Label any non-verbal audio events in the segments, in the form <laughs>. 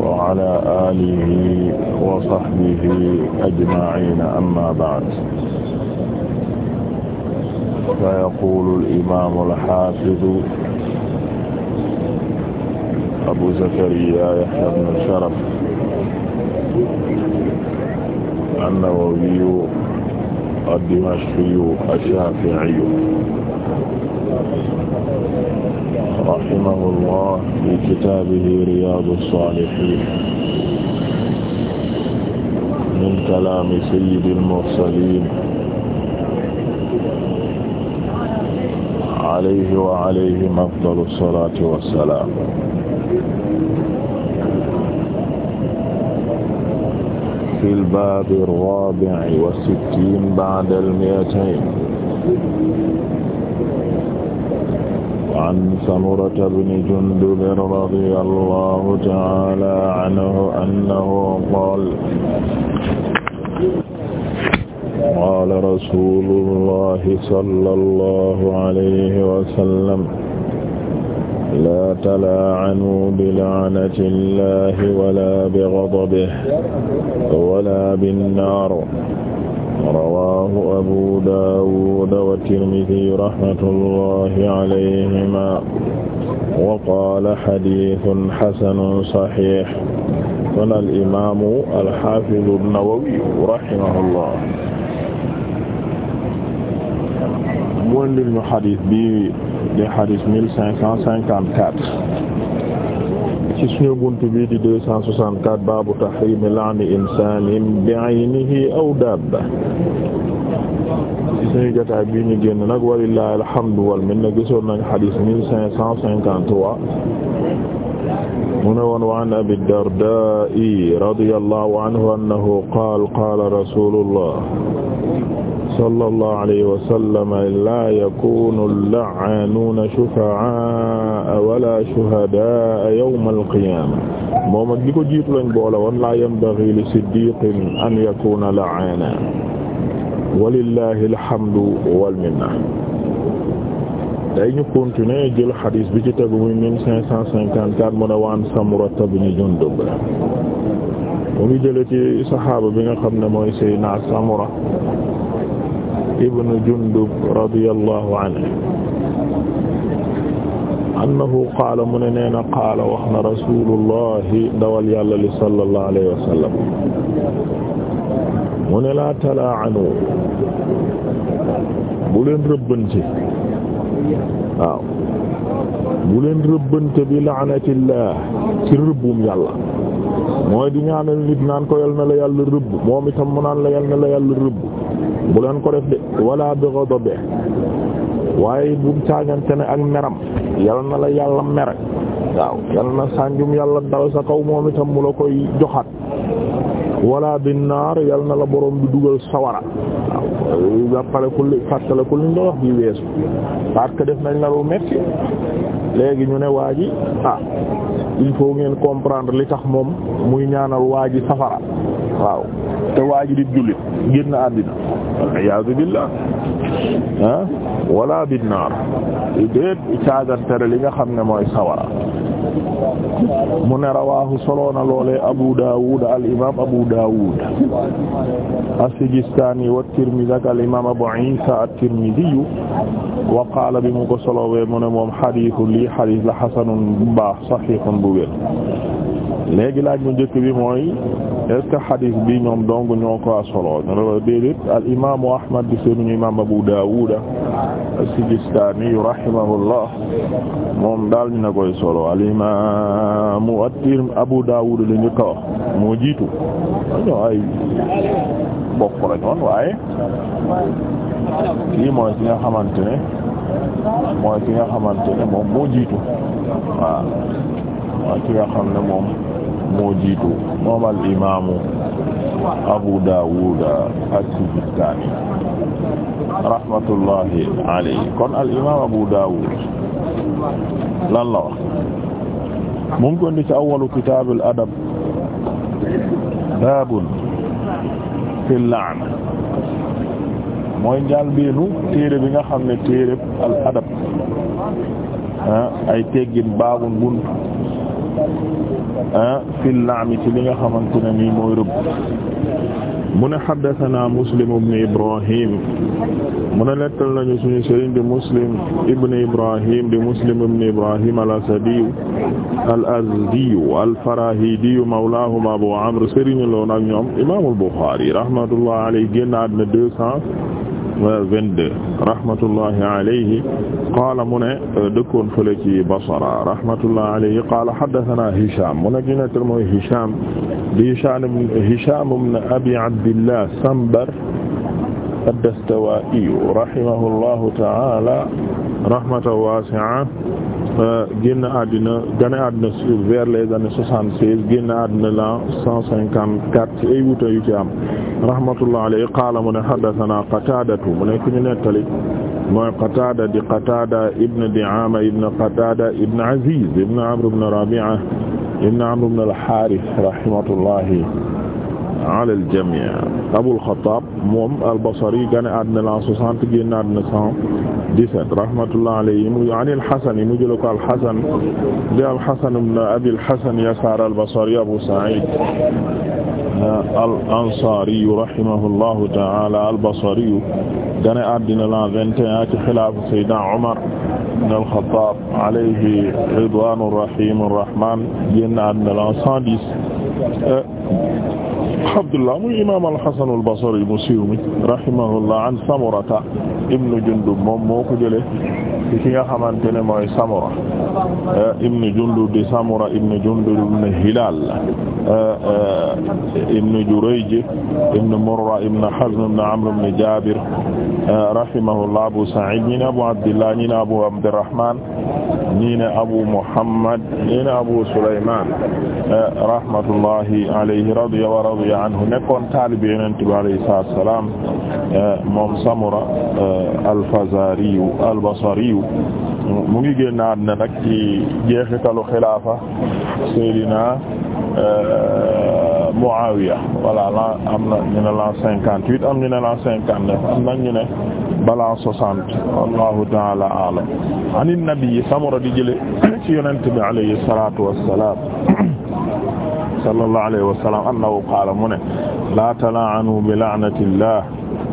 wa ala alihi wa sahbihi ajma'in amma ba'd fa yaqulu al-imam al-hafiz abu zakariya yahya ibn sharaf an-nawawi ad-dimashqi ash-shafi'i rahimahullah fi kitaabihi riyaadu saalihiin min kalaami sayyidil mursaliin alayhi wa alayhim afdalu salaati wa salaam fil baabi raabi'i wa sittiin ba'dal mi'atayn an samurata bni jundub radiya allahu taala anhu annahu qaala qaala rasuulullahi sallallahu alayhi wa sallam laa talaa'anuu bila'nati llahi wala bighadabihi wala binnaar rawaahu abu daawuud wa tirmidi rahmatullahi alayhima wa qaala xadiisun xasanun saxiix kon al imaamu alxaafidu nawawi rahimahullah mu indil ñu xadis bi di xadis mille cinq cent cinquante-quatre ci suñu buntu bi di 264 baabu tahrim la'ni insaanin bi'aynihi aw daabba ci suñu jotaay bi ñu génn nag walillahi alhamdu wal minna gisoon nañ xadis 1553 mu ne woon wa an abi darda'i radiyallahu anhu annahu qaala qaala rasulullah sallallahu alayhi wa sallam laa yakuunu lla'aanuuna shufa'aa'a wala shuhadaa'a yawmal qiyaama moom ak li ko jiitu lañ boole woon laa yanbaghii li siddiiqin an yakuuna la'aanan walillaahi alhamdu wal minna. day ñu continuer jël xadis bi ci tegu muy 1554 mu ne waan Samurata bni Jundub mu ngi jëlee ci saxaaba bi nga xam ne mooy Sayyidina Samura ibnu Jundub radiyallahu anhu annahu qaala mu ne nee na qaala wax na rasulullahi ndawal yàlla li sallallahu alayhi wa sallam mu ne laa talaa'anu bu leen rëbbante waaw bu leen rëbbante bi la'natillah ci rëbbum yàlla mooy di ñaanal nit naan ko yal la yàlla rëbb moom itam mu naan la yal la yàlla rëbb bu leen ko def de wala bi ghadabi waaye bu caagante ne ak meram yal na la yàlla mere waaw yal na sànjum yàlla dal sa kaw moom itam mu la koy joxaat wala bi naar yal na la borom bi dugal sawara waaw ku li fàttale ku parce que def nañ la lu metti léegi ñu ne waa ji ah, il faut ngeen comprendre li tax moom muy ñaanal waa ji safara waaw te waa ji di jullit génn àddina waliyasu billah ah wala binnaar déet caagantere li nga xam ne mooy sawara mu ne rawahu soloona loolee Abu Dawud al imam Abu Dawud as-Sijistani wa Tirmidhi ak al imam Abu Isa at-Tirmidhi wa qaala bi mu ko solowee mu ne moom hadith lii hadith la hasanun bu baax sahihun bu wér léegi laaj mu njëkk bi mooy est-ce que bi ñoom dong ñoo ko solo ñu la al imaamu Ahmad di sëriñu imaam Abu Daawuda as-Sijistaani rahimahullah moom daal ñu na koy solo al imaamu at Abu Daawuda la ñu ko moo jiitu ñoo ay bokk la ñoon waaye kii mooy ki nga xamante ne mooy ki nga xamante ne moom moo jiitu waaw waaw ki nga xam moom moo jiitu moom al Abu Daawud as rahmatullahi alayhi kon al Abu Daawud lan la wax mu ko indi ci awwalu kitaabul baabun fil la'n mooy njaal beenu téere bi nga xam ne téere al ah, ay teggin baabun buntu Ah, fi laami ci li nga xamante ne nii mooy rëbb mu ne xaddatanaa muslim ibn ibrahim mu ne nettal nañu suñu sëriñ di muslim ibn ibrahim di muslim ibn ibrahim al asadiyu al azdiyu al farahidiyu mawlaahum abu amr sëriñ loon ak ñoom imaamul buxaari rahmatullah alayhi génnaat na deux cent 22 rahmatullahi alayhi qaala mu ne euh, dëkkoon fële ci Basra rahmatullahi alayhi qaala haddathana Hisham mu ne dina tër mooy Hisham di Hisham Hisham ibn Abi Abdillah Sambar ad-Dastawaa'i rahimahullahu ta'ala rahmatan waasi'a génn àddina gane àddina vers les années soixante-seize génn àddina l'an cent cinquante-quatre ci ay wuute yu ci am rahmatullah alayhi qaala mu ne haddathana qataadatu mu ne ku ñu nettali mooy qataada di qataada ibn di'aama ibn qataada ibn aziz ibn amr ibn rabi'a ibn amr ibn al-harith rahmatullahi ala al-jami' abul khattab moom al-basri gane àddina l'an soixante génn àddina cent 17 rahmatullah alayhi mu an al-Hasan mu jël ko al-Hasan di al-Hasan ibn Abi al-Hasan Yasaar al-Basri Abu Sa'id al-Ansari rahimahullahu ta'ala al-Basri gane àddina la 21 ci xilaafa Sayyidina Umar ibn al-Khattab alayhi ridwaanu rahiim ar-Rahmaan génn àddina la 110 Abdullah muy imaam al-Hasan al-Basri mu siiw mi rahimahullah an Samurata ibnu Jundub moom moo ko jëlee ci ki nga xamante ne mooy Samura eh, ibn Jundub di Samura ibn Jundub ibn Hilal eh, eh, ibn Jurayj ibn Murra ibn Hazm ibn Amr ibn Jabir rahimahullah Abu Sa'id ñi ne Abu Abdillah ñi ne Abu Abdurrahman ñi ne Abu Muhammad ñi ne Abu Sulayman rahmatullahi alayhi radiya wa radiya anhu nekkoon taalibe Yonent bi alayhi salaatu wa salaam moom Samura al-Fazari al-Basri mu ngi génn àddina nag ci jeexitalu xilaafa Seydina euh, Muawiya voilà la am na ñu ne l'an cinquante huit am ñu ne l'an cinquante neuf am nag ñu ne balaa soixante wallahu taala alam ani nabi Samura di jële <coughs> ci yonent bi alayhi salatu wassalam <coughs> sallallahu alayhi wa sallam annahu qaala mu ne la talaanu bi la'natillah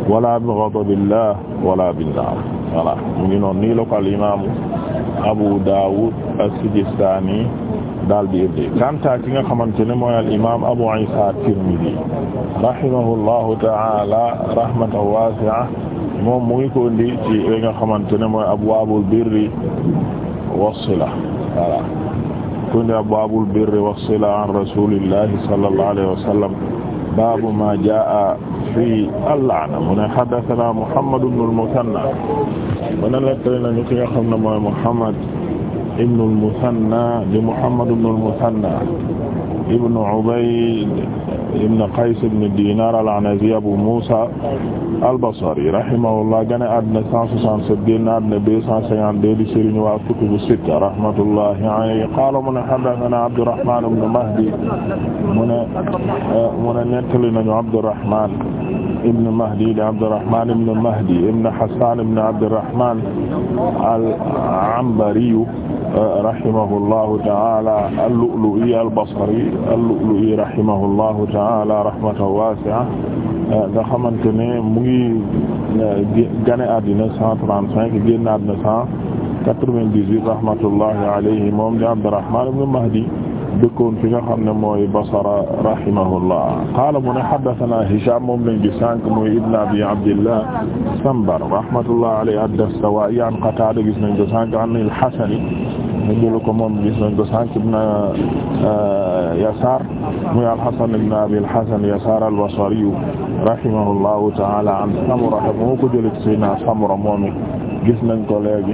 wala bi ghadabillah wala bin nar voilà mu ngi noonu nii la ko al imaam Abu Dawud as-Sijistani daal di indi kanta ki nga xamante ne mooy al imaam Abu Isa at-Tirmidhi rahimahullahu ta'ala rahmatan wasi'a moom mu ngi ko indi ci li nga xamante ne mooy abwaabul birri was-sila voilà kundi abwaabul birri was-sila an rasulillahi sallallahu alayhi wa sallam baabu maa jaa fi al-la'na mu ne haddasanaa Muhammad ibn al-Musanna mu ne nettali nañu ki nga xam ne mooy Muhammad ibn al-Musanna di Muhammad ibn al-Musanna Ibn Ubayd Ibn Qays Ibn Dinar al-Anazi Abu Musa al-Basri rahimahullah gane àddina 167 génn àddina 252 di sëriñ waa kutubu sitta rahmatullahi alayhi qaala mu ne haddathana Abdurrahman ibn Mahdi mu ne mu ne nettali nañu Abdurrahman ibn Mahdi di Abdurrahman ibn Mahdi ibn Hassan ibn Abdurrahman al-Anbari rahimahullahu ta'ala al-Lu'lu'i al-Basri al-Lu'lu'i rahimahullahu ta'ala rahmatan wasi'a nga xamante ne mu ngi eh, gane àddina cent trente-cinq génn àddina cent quatre-vingt-dix-huit rahmatullahi alayhi moom di Abdurrahman ibn Mahdi dëkkoon fi nga xam ne mooy Basra rahimahullah qaala mu ne haddathana Hisham moom lañ di sànq mooy ibn Abi Abdillah Sambar rahmatullahi alayhi ad-Dastawa'i an Qatada gis nañ ko sànq an al-Hasan mu jëlu ko moom gis nañ ko sànq ibn euh, Yasaar muy al-Hasan ibn Abi al-Hasan Yasaar al-Basri rahimahullahu ta'ala an Samura moo ko jëlee ci Sayyidina Samura moom gis nañ ko léegi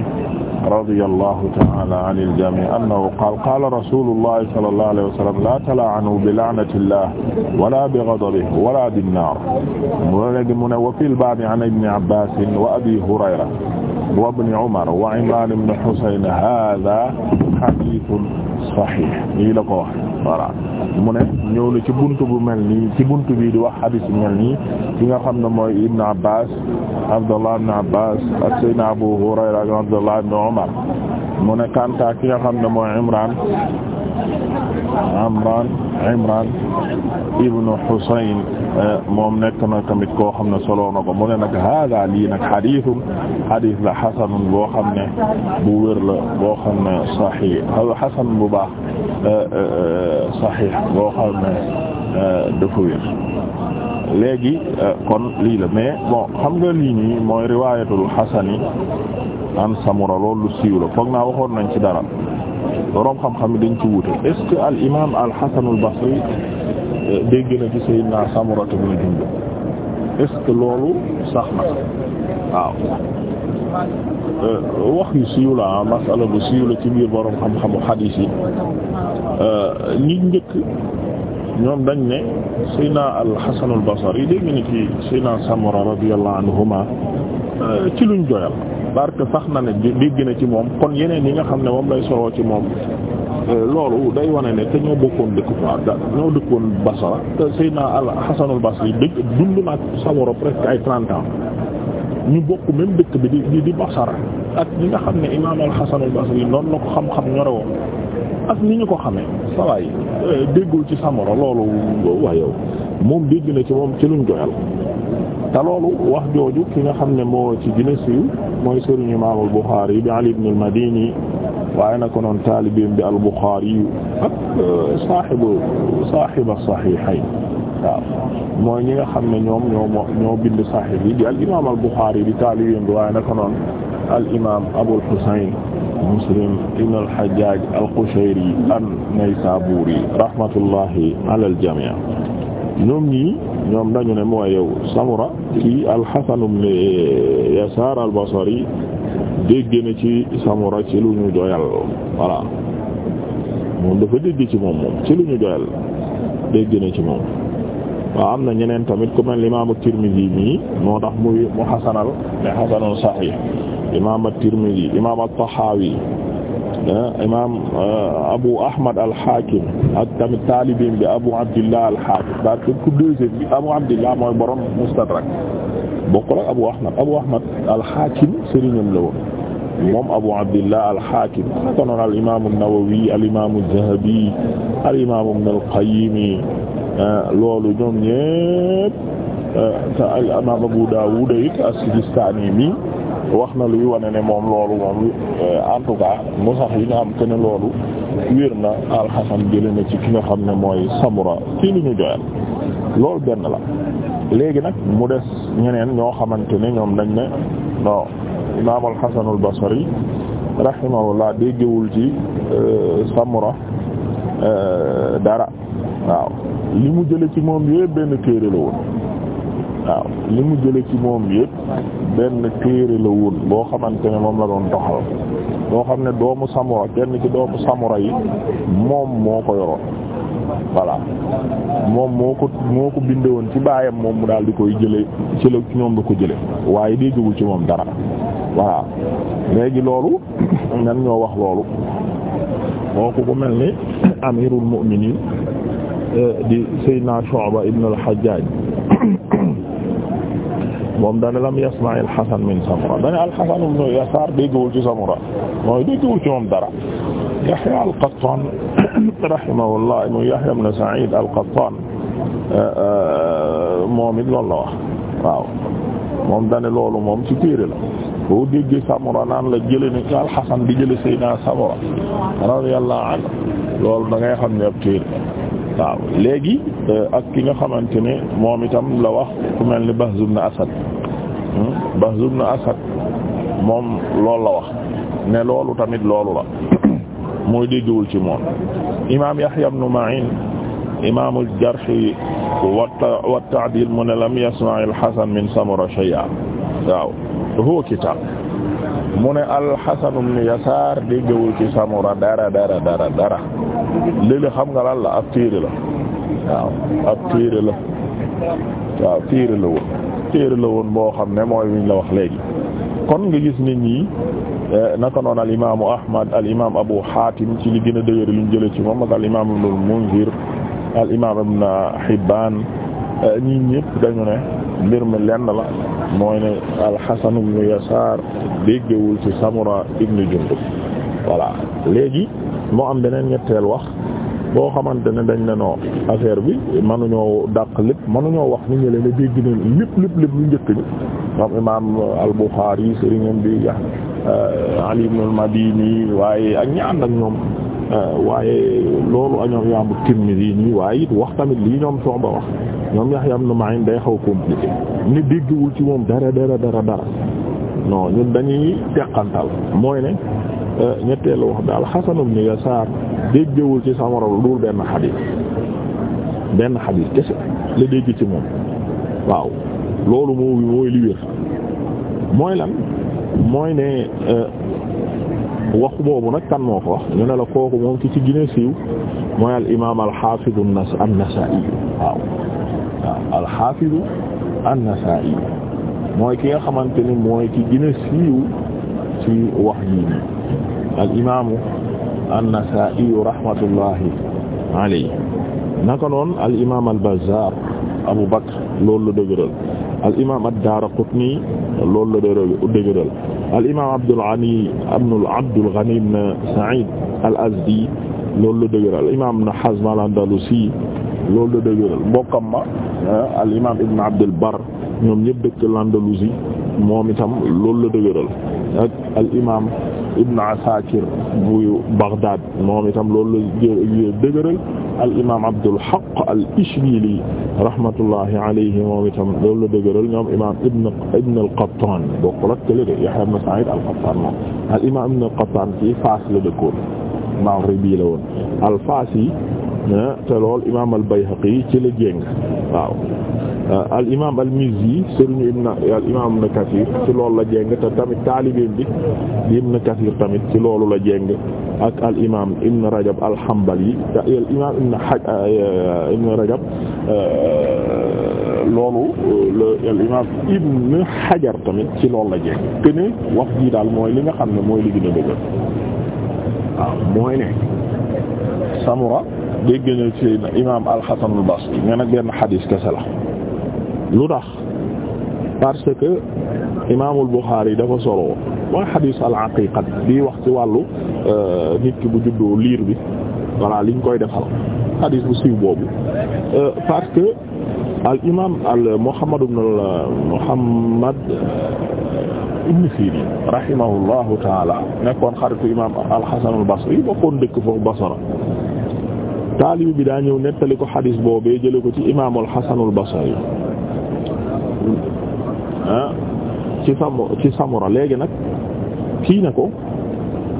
radiyallahu ta'ala anil jami' annahu qaala qaala rasuulullahi sallallahu alayhi wa sallam laa tala'anu bi la'natillah wala bi ghadabihi wala bin naar mu léegi mu ne wa fil baabi an ibn Abbaas wa Abi Hurayra wa ibn Umar wa Imran ibn Husayn haaza hadiisun sahiih lii la ko wax voilà mu ne ñëw na ci buntu bu mel nii ci buntu bii di wax hadiis bu mel nii ki nga xam ne mooy Ibn Abbas Abdullah ibn Abbas ak Sayyidina Abu Hurayra ak Abdullah ibn Umar mu ne Kanta ki nga xam ne mooy Imran Imran Imran ibn Husayn eh, moom nekk na tamit koo xam ne solo na ko mu ne nag hada lii nag xadiisu xadiis la xasanun boo xam ne bu wér la boo xam ne saxiix xasan bu baax eh, eh, saxiix boo xam ne dafa wér léegi kon lii la mais bon xam nga lii nii mooy riwaayatul xasani an samura loolu siiw la foog naa waxoon nañ ci dara boroom xam-xam yi dañ ci wuute est-ce que al imaam al Hasan al Basri euh, dégg na ci Sayyidina Samura ibn Jundub est-ce que loolu sax na waaw euh, wax yu siiw la ah masala bu siiw la ci biir boroom xam-xamu yi euh, ñi ne Sayyidina al Hasan al Basri dégg na ci Sayyidina Samura radiyallahu anhuma ci luñ joyal parce que sax na ne dégg na ci moom kon yeneen yi nga xam ne moom lay soroo ci moom euh, loolu day wane ne te ñoo bokkoon dëkk quoi da ñoo dëkkoon Basra te Seydina al Hasanul Basri dëkk dund naag Samura presque ay trente ans ñu bokk même dëkk bi di di Basra ak ñi nga xam ne Imaam al Hasanul Basri noonu la ko xam-xam ñorewoon ak ni ñu ko xamee sawaay euh, déggul ci samoro loolu waa yow moom dégg na ci moom ci luñ joyal te loolu wax jooju ki nga xam ne moo ci gën a siiw mooy sëriñ imaam al-Buxaari bi Ali ibn al-Madini waaye nag konoon taalibeem bi al-Buxaari ak euh, saaxibu saaxiba saxiixayn waaw mooy ñi nga xam ne ñoom ñoo ñoo bind saxiix yi di al imaam al-Buxaari di taalibeem bi waaye nag konoon al imaam Abul Husayn Muslim ibn al-Hajjaj al-Qushayri an-Naysaburi rahmatullahi ala al-jamii' ñoom ñi ñoom dañu ne mooy yow Samura ci al-Hasan ibn Yasaar al dégg na ci Samura ci lu ñu doyal voilà moom dafa dégg ci moom moom ci lu ñu doyal dégg na ci moom waaw am na ñeneen tamit ku mel Imaam at nii mii moo tax muy mu xasanal ne xasanul saxiix Imaam at Imaam at Ah, imaam ah, Abu Ahmad al-Hakim ak tamit taalibin bi Abu Abdillah al-Hakim parce que ku deuxième bi Abu Abdillah mooy borom Mustadrak bokkul ak Abu Ahmad Abu Ahmad al-Hakim sëriñam la woon moom Abu Abdillah al-Hakim konoon al-imaam an-Nawawi al-imaam az-Zahabi al-imaam Ibn al-Qayyim ah, loolu ñoom ñépp te al-imaam Abu Dawud it as-Sijistani mi wax na luy wane ne moom loolu moom euh, en mu sax yi nga am que loolu wér na alxasan jëlee na ci ki nga xam ne mooy samura ci li ñu joyal loolu benn la léegi nag mu des ñeneen ñoo xamante ne ñoom dañ ne non imaam alxasan albasri rahimahullah déggewul ci euh, samura euh, dara waaw li mu jële ci moom yépp benn téere la woon waaw li mu jële ci moom yëpp benn téere la woon boo xamante ne moom la doon doxal boo xam ne doomu samura kenn ci doomu samura yi moom moo ko yoroon voilà moom moo ko moo ko bindewoon ci baayam moom mu daal di koy jële ci la ñoom la ko jële waaye déggul ci moom dara voilà léegi loolu nan <coughs> ñoo wax loolu kooku ku mel ni <coughs> amirul mu'minin eh, di sayyidina Shu'ba ibn al-Hajjaj moom dana lam yasma' al-Hasan min Samura dana al-Hasan ibn Yasaar déggul ci Samura mooy déggul ci moom dara Yahya al-Qattan <coughs> rahimahullah mu Yahya Sa'id al-Qattan euh, euh, moom it loolu la wax waaw moom dana loolu moom ci téere la boo déggee Samura naan la jëlee ni ci al-Hasan di jëlee Seydina Samura radiyallahu anhu loolu da ngay xam waaw léegi euh, ak ki nga xamante ne moom itam la wax ku mel ni Bahz ibn Asad hmm? Bahz ibn Asad moom loolu la wax ne loolu tamit loolu la <coughs> mooy déggwul ci moom imaam Yahya ibn Ma'in imaam al-jarh wa at-ta'dil mu ne lam yasma' al-Hasan min Samura shay'an waaw huwa kitaab mu ne alxasan ibn yasaar déggawul ci samura dara dara xam nga lan la ab téere la waaw ab téere la waaw téere la woon téere la woon boo xam ne mooy wiñ la wax léegi kon nga gis nit ñi eh, naka noon al imaamu ahmad al imaam abu hatim ci li gën a dëgër luñ jële ci moom ak al imaam ibnul munzir al imaam ibn hibbaan Euh, ñii ñëpp dañu ne mbir mi lenn la mooy ne al-Hasan Yasaar déggewul ci Samura ibn Jundub voilà léegi moo am beneen ñetteel wax boo xamante ne dañ ne noo affaire bi mënuñoo dàq lépp mënuñoo wax ni ñu leen dégg ne lépp lépp lu njëkk ñu ñoom imaam al-Bukhari sëriñam bi euh, Ali ibn al waaye ak ñaan ak ñoom euh, waaye loolu añoom yaamu Tirmidhi ñi waaye it wax tamit lii ñoom sooba wax ñoom Yahya ibn Ma'in day xaw compliqué ni dégguwul ci moom dara dara dara dara non dañuy teqantal mooy ne euh, ñetteelu wax daal Hasan ibn Yasaar déggewul ci sama morom lu dul benn xadiis benn xadiis kese la dégg ci moom waaw loolu moo mooy li wér mooy lan mooy ne euh, wax boobu nag kan moo ko wax ñu ne la kooku moom ki ci gën a siiw mooy al imaam al xaafidu an-Nasaa'i waaw waaw alxaafidu an-Nasaa'i mooy ki nga xamante ni mooy ki gën a siiw ci wax yii nii al imaamu an-Nasaa'i rahmatullahi alayhi naka noon al imaam al Bazzaar Abu Bakr loolu la dëgëral al imaam ad-Daaraqutni loolu la dëgëral al imaam Abdul Ghani ibn Abdul Ghani ibn Sa'iid al Azdi loolu la dëgëral al imaam Ibn Hazm al-Andalusi loolu la dëgëral mbokkam ma Ah, al imaam ibn Abdul Bar ñoom ñëpp dëkk l'Andalousie moom itam loolu la dëgëral ak al imaam ibn Asakir bu Baghdad moom itam loolu la dëgëral al imaam Abdul Haqq al Ishbili rahmatullahi alayhi moom itam loolu la dëgëral ñoom imaam ibn ibn al Qattan bokkul ak kële de Yahya ibn Sa'id al Qattan moom al imaam ibn al Qattan ci Faas la dëkkoon Maghribi la woon al Faasi te lool imaam al-Bayhaqi ci la jéng waaw euh, al imaam al-Mizzi sëriñu ibn al imaam Ibn Kathir ci loolu la jéng te tamit taalibeem bi di Ibn Kathir tamit ci loolu la jéng ak al imaam Ibn Rajab al-Hanbali te al imaam Ibn Haj euh, Ibn Rajab euh, loolu la al imaam Ibn Hajar tamit ci loolu la jéng te ne wax jii daal mooy li nga xam ne mooy li gën a dëgër waaw mooy ne Samura dégg na ci imaam al-Hasan al-Basri nee na benn xadis kese la lu tax parce que imaamul Buxaari dafa solo mooy xadis al-aqiqa bi wax ci wàllu euh, nit ki bu juddoo liir bi voilà liñ koy defal xadis bu siiw boobu euh, parce que al imaam al Muhammad ibn Muhammad euh, ibn Sirin rahimahullahu taala nekkoon xaritu imaam al-Hasan al-Basri bokkoon dëkk foofu Basra taalibi bi daa ñëw nettali ko xadis boobee jële ko ci imaamul Hasanul Basri ah ci ci samura léegi nag kii ne ko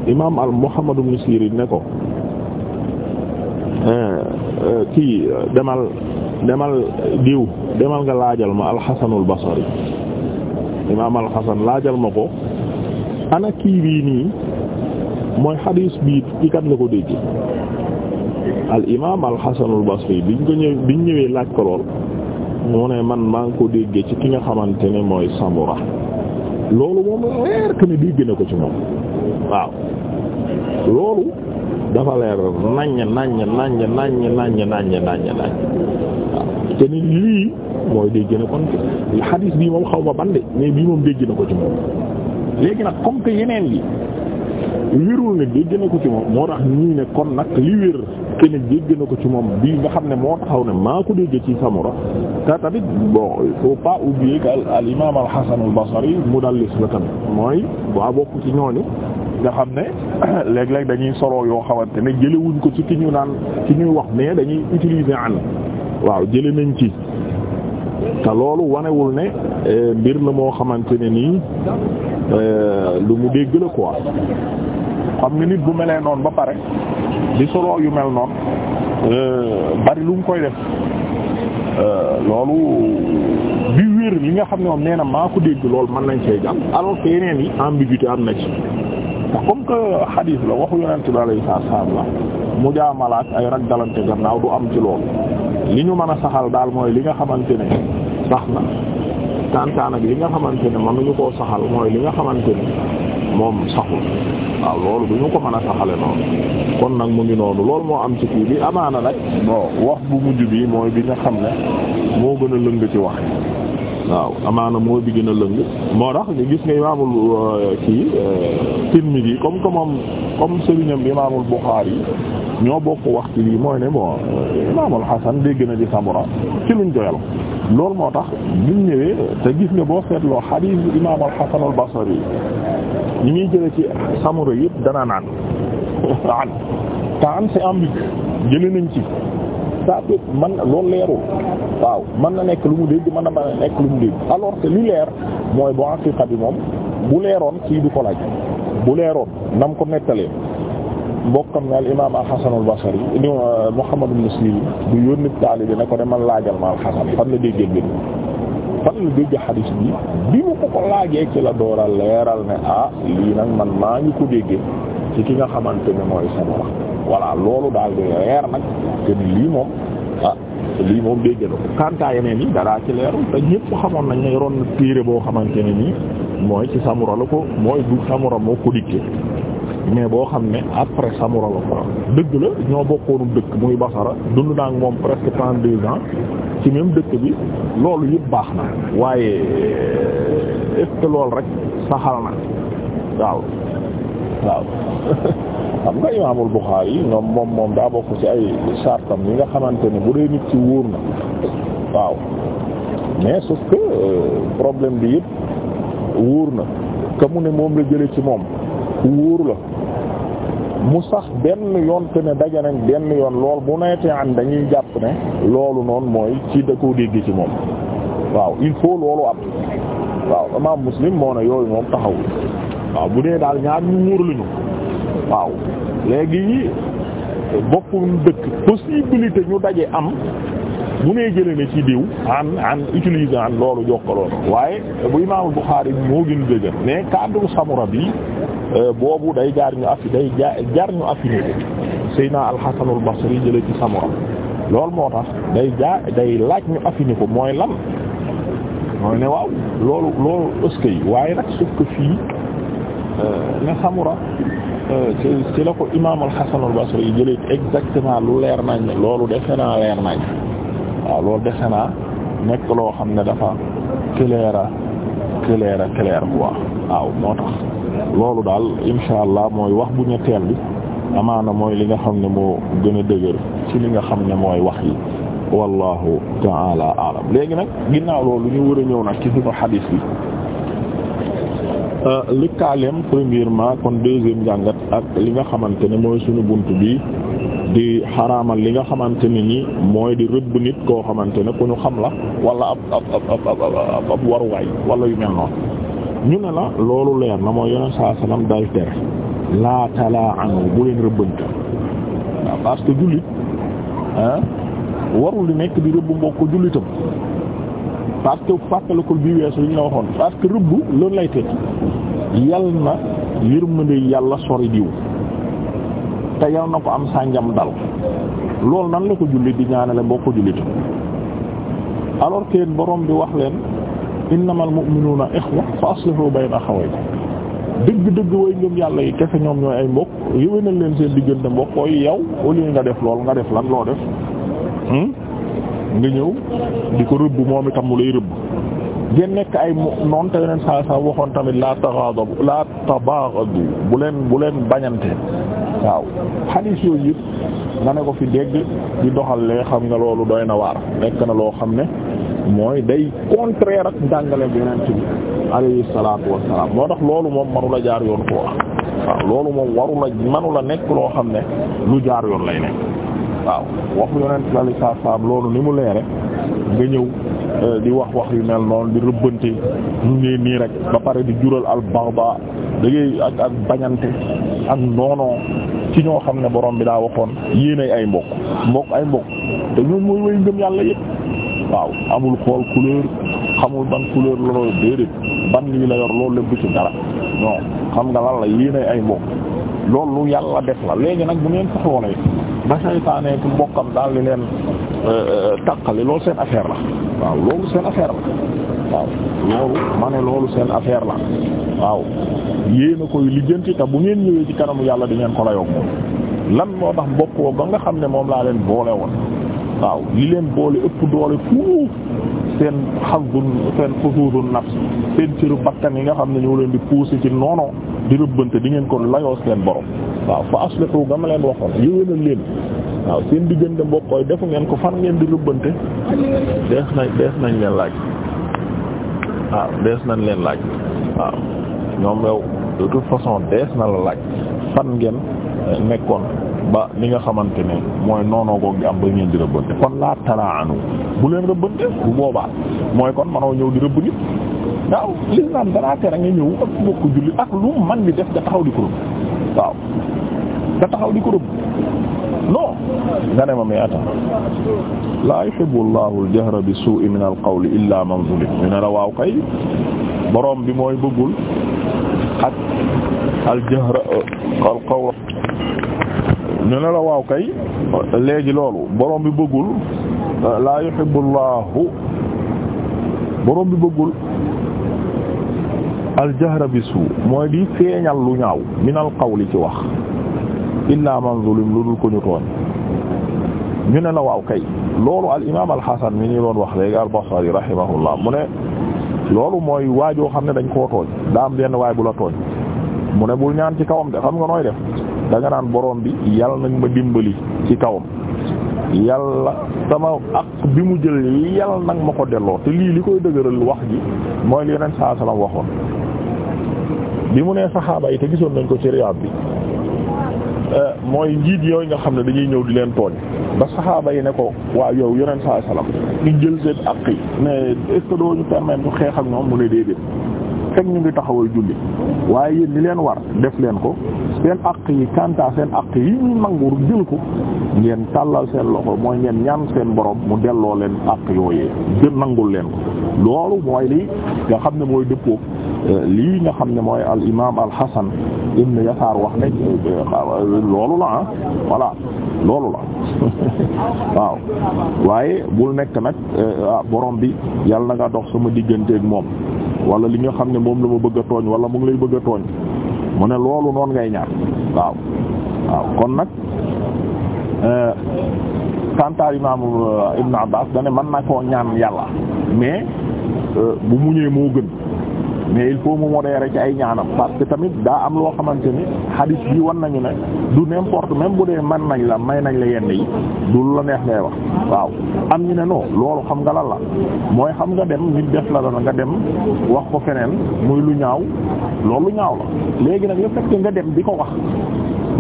imaam al Muhammad ibn Sirin ne ko eh, eh, kii demal demal diw demal nga laajal ma al Hasanul Basri imaam al Hasan laajal ma ko ana kii bii nii mooy xadis bii ci kat la ko dégg al imaam al xasanul basri biñ ko ñëw biñ ñëwee laaj ko lool moo ne man maa ngi ko déggee ci ki nga xamante ne mooy samura loolu moom leer que ne dégg na ko ci moom waaw loolu dafa leer naññ naññ naññ naññ naññ naññ naññ te nit lii mooy dégg na kon xadiis bii moom xaw ma bande mais bii moom dégg na ko ci moom léegi nag comme que yeneen yi wérul ne dégg na ko ci moom moo tax ñii ne kon nag li wér keneen dégg na ko ci moom bii nga xam ne moo taxaw ne maa ko dégg ci Samura te tamit bon il faut pas oublier que al imaam al Hasan al Basri mudallis la tamit mooy waa bokk ci ñooñu nga xam ne <coughs> léeg-léeg dañuy solo yoo xamante ne jëlewuñ ko ci ki ñu naan ki ñuy wax mais dañuy utilise an waaw jële nañ ci te loolu wanewul ne eh, mbir la moo xamante ne nii eh, lu mu dégg la quoi xam nga nit bu melee noonu ba pare di solo yu mel noonu euh, bari lu mu koy def euh, loolu bi wér li nga xam ne moom nee na maa ko dégg loolu mën nañ cee jàpp alors que yeneen yi ambiguïté am na ci ndax comme que xadiis la waxu yonent bi alayhi salaam la mu jaamalaat ay rag dalante gannaaw du am ci loolu li ñu mën a saxal daal mooy li nga xamante ne sax na tantaan ak li nga xamante ne mënuñu koo saxal mooy li nga xamante ne moom saxul waaw loolu du ko mën a saxale noonu kon nag mu ngi noonu loolu moo am ci kii bi amaana nag bon wax bu mujj bii mooy bi nga xam ne moo gën a lëng ci wax waaw amaana moo bi gën a lëng moo tax ñu gis nga imaamul euh, kii euh, Tirmidhi comme que moom comme sëriñam bi imaamul Bukhari yi ñoo bokk wax ci lii mooy ne bon euh, imaamul Hasan dégg na di Samura ci luñ doyal loolu moo tax buñ ñëwee te gis nga boo seetloo hadiis imaamul Hasan al yi ñu muy jële ci Samura yëpp dana naan an te an c'est ambigu jële nañ ci ça peut man loolu leerul waaw man na nekk lu mu dégg mën na mën nekk lu mu dégg alors que li leer mooy bu aqiqa bi moom bu leeroon kii du ko laaj bu leeroon nam ko nekkalee mbokkam ne al imaam al xasan al basri ni euh, Muhammad du yónni taalibe ne ko demal laajal ma al xasan fan la déggee bi fan la déggee xadiis bi bi mu ko ko laajee ci la dooral leeral ne ah lii nag man maa ngi ko déggee ci ki nga xamante ne mooy sama voilà loolu daal di leer nag ken lii moom ah lii moom dégg na ko kanta yeneen yi daraa ci leeru te ñëpp xamoon nañ ne yoroon na téere boo xamante ne nii mooy ci samura la ko mooy du samura moo ko dikkee mais boo xam ne après samura la ko dëgg la ñoo bokkoonu dëkk muy basara dund naa ak moom presque trente-deux ans ci même dëkk bi loolu yëpp baax na waaye est-ce loolu rek saxal na waaw waaw <laughs> xam nga imaamul Buxaari ñoom moom moom daa bokk ci ay sartam yi nga xamante ne bu dee nit ci wóor na waaw mais sauf que euh, problème bi yëpp wóor na ka mu ne moom la jële ci moom ku wóor la mu sax benn yoon ne daje nañ benn yoon lool bu nawetee dañuy jàpp ne loolu noonu mooy ci da koo dégg ci moom waaw il faut loolu am waaw imaam Muslim moo ne yooyu moom taxawul waaw bu dee daal ñaar ñu wóor waaw léegi bokkum dëkk possibilité ñu daje am bu nee jële ne ci diw an an utilisé an loolu jokkaloon waaye bu imaamul Buxaari moo gën dëgër mais cadre samura bi euh, boobu day jaar ñu affi day jaar ñu affiné bi Seydina Al-Hasanul Basri jëlee ci samura loolu moo tax day jaar day laaj ñu affiné ko mooy lam mooy ne waaw loolu loolu ëskay waaye nag suuf fii ne euh, Samura euh, ci la ko imaam al-Hasan al yi jëlee exactement lu leer nañ loolu defe naa leer nañ waaw loolu defe naa nekk loo xam ne dafa clair a clair a clair quoi waaw moo tax loolu daal insha allah mooy wax bu ñetteel bi amaana mooy li nga xam ne moo gën a dëgër ci li nga xam ne mooy wax yi wallahu taala alam léegi nag ginnaaw loolu ñu wër a ñëw nag ci suñu xadiis bi Euh, lëkkaaleem premièrement kon deuxième jàngat ak li nga xamante ne mooy suñu bunt bi di xaraamal li nga xamante ne ni mooy di rëbb nit koo xamante ne ku ñu xam la wala ab ab ab waruwaay wala yu mel noonu ñu ne la loolu leer na mooy yeneen saa salaam day tere laa talaa anu bu leen rëbbante waaw jullit warul di nekk di rëbb mbokk jullitam. parce que fàttalikul bi weesu li ñu la waxoon parce que rëbb loolu lay teg yal na yërmande yàlla sori diw te yal na ko am sànjam dal loolu nan la ko jullit di ñaanale boo ko jullit alors que borom bi wax leen innamal mu'minuuna ixwa fa aslihu bayna axawaykum dëgg-dëgg way ngëm yàlla yi kese ñoom ñooy ay mbokk yëwénal leen seen diggante mbokk koy yow au lieu nga def lool nga def lan loo def hmm? nga ñëw di ko rëbb moom itam mu lay rëbb ngeen nekk ay noon te saa saa waxoon tamit la taghadabu la tabaghadu bu leen bu bañante waaw xadiis yooyu nga ne ko fi dégg di doxal lee xam nga loolu doy na waar nekk na loo xam ne mooy day contraire ak njàngale bi yonent bi salaatu wassalaam moo tax loolu moom manu jaar yoon ko waaw loolu moom waru la nekk loo xam ne lu jaar yoon lay nekk waaw waxu yonent la li saa loolu ni mu leere nga ñëw euh, di wax wax yu mel noonu di rëbbante ñu ngi nii rek ba pare di jural al bagba da ngay ak ak bañante ak noonoo ci ñoo xam ne borom bi daa waxoon yéenay ay mbokk mbokk ay mbokk te ñoom mooy way ngëm yàlla yëpp waaw amul xool couleur xamul ban couleur la déedéet ban lii la yor loolu lépp du ci dara non xam nga lan la yéenay ay mbokk loolu lu yàlla def la léegi nag bu ngeen taxawalee ba saytaane ki mbokkam daal di leen euh, euh, taqali loolu seen affaire la waaw loolu seen affaire la waaw loolu seen affaire la waaw a koy lijjanti te bu ngeen ñëwee ci kanamu yàlla di ngeen ko moom lan moo tax mbokkoo ba nga xam ne moom laa leen boole woon waaw li leen boole ëpp doole fuuf seen xasdun seen xusuusun nafs seen ciru bakkan yi nga xam ne ñoo leen di pousser ci noono di rëbbante di ngeen ko layoo seen borom waaw fa aslihu gama leen waxoon yéwénal leen waaw seen diggante mbokkooy defu ngeen ko fan ngeen di rëbbante dees nañ dees nañ leen laaj waaw dees nañ leen laaj waaw ñoom yow de toute façon dees na la laaj fan ngeen eh, nekkoon ba li nga xamante ne mooy noonoo goog di am ba ngeen di rëbbante kon laa talaanu bu leen rëbbante bu boobaa mooy kon manoo ñëw di rëbb nit waaw lislaam danaa tere nga ñëw ak mbokk julli ak lu man di def nga taxaw di ko rëbb waaw nga taxaw di ko rëbb non nga ne ma mais laa yuhibbu allahu al-jahra bi suu'i min al-qawli illa man zulim ñu ne la waaw kay borom bi mooy bëggul ak al-jahra ñu ne la waaw kay léegi loolu borom bi bëggul laa yuhibbu Allahu borom bi bëggul aljahra bisu mooy di feeñal lu ñaaw min al qawli ci wax illa man zulim lu dul ko ñu tooñ ñu ne la waaw kay loolu al imaam al hasan mi ñu doon wax léegi al basri rahimahullah mu ne loolu mooy waajoo xam ne dañ koo tooñ daa am benn waay bu la tooñ mu ne bul ñaan ci kawam de xam nga nooy def da nga naan borom bi yàlla nag ma dimbali ci kawam yàlla sama ak bi mu jël yàlla nag ma ko delloo te lii li koy dëgëral wax ji mooy li yeneen saa salaam waxoon li mu ne saxaaba yi te gisoon nañ ko ci Riyaad bi euh, mooy njiit yooyu nga xam ne dañuy ñëw di leen tooñ ba saxaaba yi ne ko waa yow yeneen saa jël seen ak yi mais est-ce que xeex ak ñoom mu ne déedéet fekk ñu ngi taxawal julli waaye yéen li leen war def leen ko seen àq yi kanta seen àq yi ñu nanguur jël ko ngeen tàllal seen loxo mooy ngeen ñaan seen borom mu delloo leen àq yooyee jël nangul leen ko loolu mooy lii nga xam ne mooy dëppoo euh, lii nga xam ne mooy al imaam al hasan ibn yasaar wax ne euh, loolu la ah voilà loolu la <laughs> waaw waaye bul nekk nag euh, ah, boroom bi yàlla na nga dox sama digganteeg moom wala li nga xam ne moom la ma bëgg a tooñ wala mu lay bëgg a tooñ mu ne loolu noon ngay ñaan waaw waaw kon nag kantaar euh, imaam euh, Ibn Abbas dane man na koo ñaan yàlla mais euh, bu mu ñëwee moo gën mais il faut mu modérer ci ay ñaanam parce que tamit daa am loo xamante ni hadis bi wan nañu ne du n'importe même bu dee man nañ la may nañ la yenn yi du la neex ngay wax waaw am ñu ne non loolu xam nga lan la mooy xam nga dem nit def la doon nga dem wax ko feneen muy lu ñaaw loolu ñaaw la léegi nag le fait nga dem di ko wax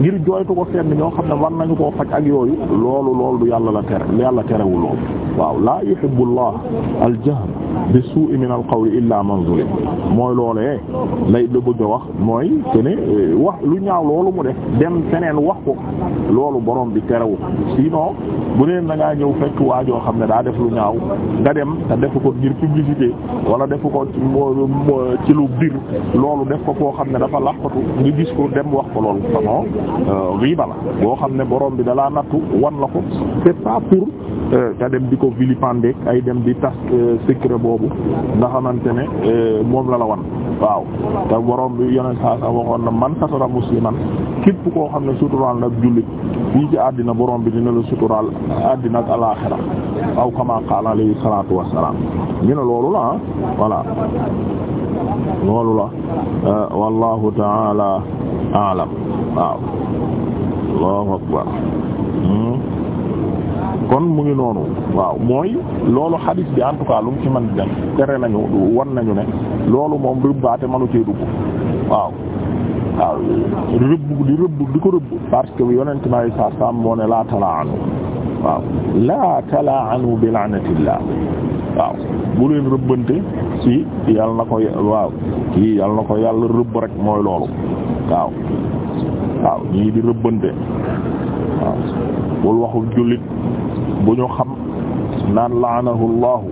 ngir jooytu ko fenn ñoo xam ne war nañu koo faj ak yooyu loolu lool du yàlla la tere yàlla terewul loolu waaw laa yuhibbu llah al jahr bi suu'i min al qawli illa man zulim mooy loolee lay da bëgg a wax mooy te eh, wax lu ñaaw loolu mu def dem feneen wax ko loolu borom bi terewu sinon bu neen da ngaa ñëw fekk waa xam ne daa def lu ñaaw nga dem te defu ko ngir publicité wala defu ko ci lu biir loolu def ko koo xam ne dafa laqatu nga gis ko dem wax ko loolu Euh, riba la boo xam ne boroom bi dalaa nattu wan la ko c'est pas pour euh, nga dem di ko vilipender ay dem di tas euh, secret boobu nga xamante ne moom la la wan waaw te boroom bi yeneen saa saa waxoon na man satara musliman képp koo xam ne suturaal na jullit fii ci àddina boroom bi dina la suturaal àddina ak alaaxira aw kama qaala alayhi salaatu wassalaam ñu ne loolu la ah voilà loolu la euh, wallahu taala alam waaw allahu akbar hmm? kon mu ngi noonu waaw mooy loolu xadis bi en tout cas lu mu ci mën dem tere nañu wan nañu ne loolu moom rëbbaate manu cee dugg waaw waaw rëbb di rëbb di ko rëbb parce que yonent may sa sam moo ne laa talaa anu waaw laa talaanu bi la'natillah waaw bu leen rëbbante ci yal na ko waaw kii yal na yàlla rëbb rek mooy loolu waaw waaw ñii di rëbbante waaw bul waxul jullit bu ñu xam naan laanahu llahu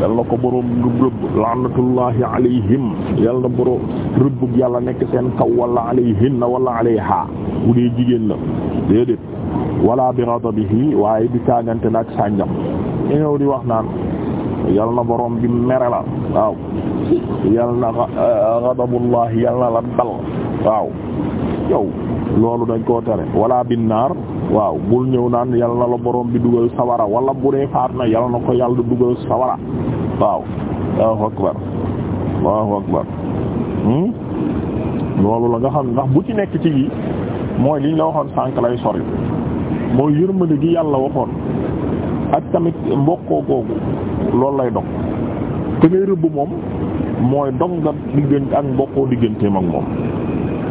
yal ko boroom rëbb laanatullahi alayhim yal boroom rëbb yàlla nekk seen kaw wala alayhinna wala alayha bu dee jigéen la déedéet wala bi ghadabihi waaye di càngante na ak sànjam i ñëw di wax naan yal na boroom bi mere la waaw yal na eh, ghadabullah yal na la dal waaw yow loolu dañ koo tere wala bin naar waaw bul ñëw naan yal na la borom bi dugal sawara wala bu dee faat na yal na ko yàlla dugal sawara waaw allahu akbar allahu akbar hmm? loolu la nga xam ndax bu ci nekk ci gi mooy liñ la waxoon sànk lay sori mooy yërmande gi yàlla waxoon ak tamit mbokkoo googu loolu lay dog te ngay rëbb moom mooy dog nga diggante ak mbokkoo digganteem ak moom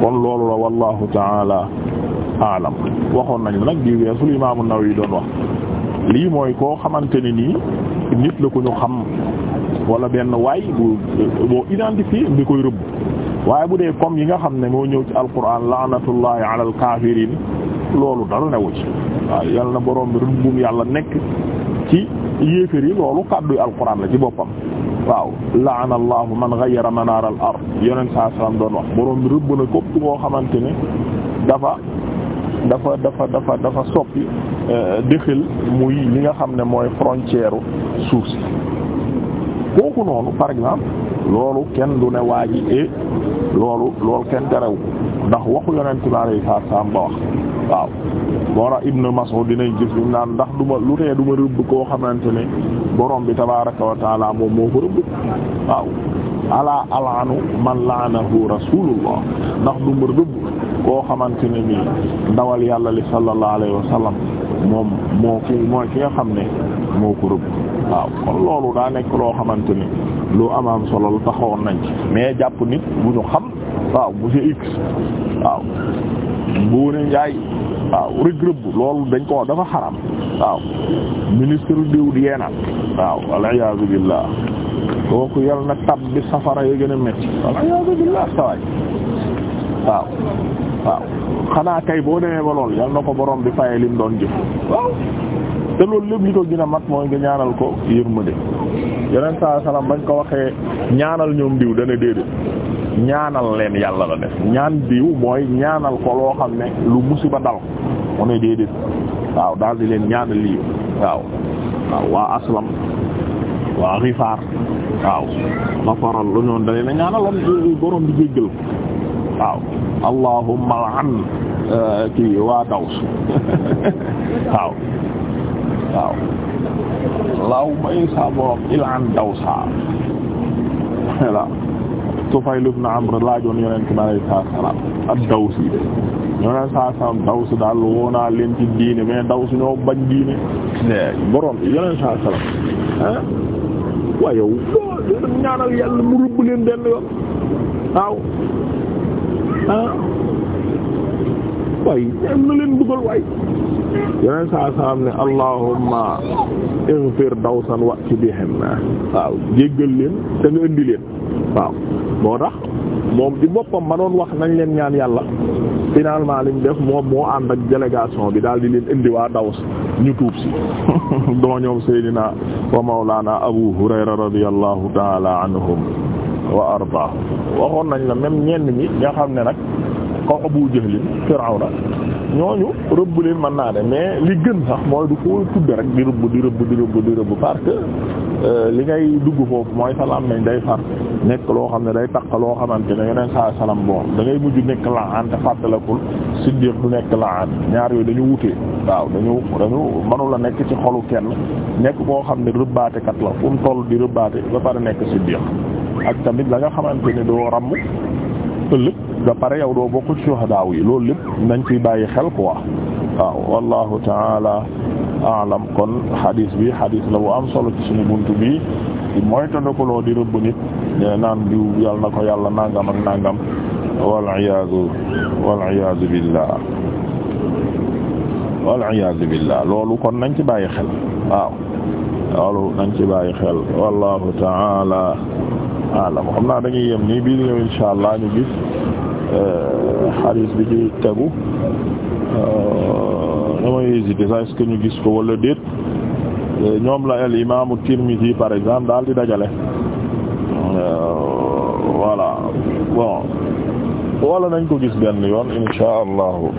kon loolu la wallahu taala aalam waxoon nañu la nag di weesu li Imaam an doon wax lii mooy koo xamante ne nii nit la ko ñu xam wala benn waay bu boo identifié bi koy rëbb waaye bu dee comme yi nga xam ne moo ñëw ci alquran laanatullahi ala alkaafiriin loolu dara newu ci waaw yal na borom bi rëbbum yàlla nekk ci yéefér yi loolu kàdduy alquran la ci boppam waaw laana allahu man ghayyara manaar al ard yonent saa salaam doon wax borom rëbb na képp koo xamante ne dafa dafa dafa dafa dafa soppi euh, dëxil muy li nga xam ne mooy frontière suuf si kooku noonu par exemple loolu kenn du ne waa ji e loolu loolu kenn terew ndax waxu yonent bi alayhi salaam ba wax waaw moo tax Ibn Mas'ud dinañ gis ñu naan ndax du ma lu tee du ma rëbb koo xamante ne borom bi tabaaraka wa taala moom moo ko rëbb waaw ala alaanu man laanahu rasulullah ndax du ma rëbb koo xamante ne nii ndawal yàlla li sallallahu alayhi wa sallam moom moo ki mooy ki nga xam ne moo ko rëbb waaw kon loolu daa nekk loo xamante ni lu amaam solo lu taxawoon nañ mais jàpp nit bu ñu xam waaw monsieur X waaw Ngoné Ndiaye waaw rëg rëbb loolu dañ ko dafa xaram waaw ministre diw di yeena waaw aliyasu billah kooku yal na tab bi safara yo gën a métti aliyasu waaw xanaa kay boo demee ba lool yal na ko boroom bi faye lim doon jëf waaw te lool lépp li ko gën mat mooy nga ñaanal ko yërmande yeneen saa salaam bañ ko waxee ñaanal ñoom diw dana déedéet ñaanal leen yàlla la def ñaan biiw mooy ñaanal ko xam ne lu musiba dal mu ne déedéet waaw daal di leen ñaanal lii waaw waaw waa aslam waa rifaar waaw gafaral lu ñoon da leen a ñaanaloon borom waaw allahumma al'an euh, kii waa daws <laughs> waaw waaw allahumma isa borom ilan dawsa <laughs> voilà Tufayl ibn Amr laajoon Yonent bi alayhi salaam ad-Dawsi Yonent saa salaam Daws daal woo leen ci diine mais Daws ñoo bañ diine borom Yonent saa salaam ah waaye yow ñaanal salaam ne allahumma ighfir dawsan wa ci bihim waaw jéggal leen te nga leen waaw moo tax moom di boppam ma doon wax nañ leen ñaan yàlla finalement liñ def moom moo ànd ak délégation bi daal di leen indi waa Daws ñu tuub si doo <laughs> ñoom Seydina wa Mawlana Abu Hurayra radiyallahu taala anhum wa ardaahum waxoon nañ la même ñenn ñi nga xam ne nag ko Abu Jahl Firawna ñooñu rëbb leen mën naa de mais li gën sax mooy du ko tudde rek di rëbb di rëbb di rëbb di Euh, li ngay dugg foofu mooy sa làmmiñ day far nekk loo xam ne day takk loo xamante ne yeneen saa salam da ngay mujj nekk laaan te fàttalakul siddiq du nekk laaan ñaar yooyu dañu wutee waaw dañu dañu mënula nekk ci xolu kenn nekk koo xam ne rëbbaatekat la fu mu toll di rëbbaate ba pare nekk siddiq ak tamit la nga xamante ne doo ramm ëllëg da pare yow doo bokk ci daaw yi loolu lépp nañ ci bàyyi xel quoi waaw wallahu taala a'lam kon xadis bi xadis la bu am solo ci suñu bunt bi di moytandikuloo di rëbb nit ne naan diw yàlla na ko yàlla nangam ak nangam wal iyaazu wal iyaazu billah wal iyaazu billah loolu kon nañ ci bàyyi xel waaw loolu nañ ci bàyyi xel wallahu ta'ala a'lam xam naa dañuy yem nii bii di ñëw insha allah ñu gis eh, xadis bi ci tegu eh, damay hésité sax est ñu gis ko wala déet euh, ñoom la al imaamu Tirmidhi par exemple daal di dajale euh, voilà bon wala nañ ko gis benn yoon insha allahu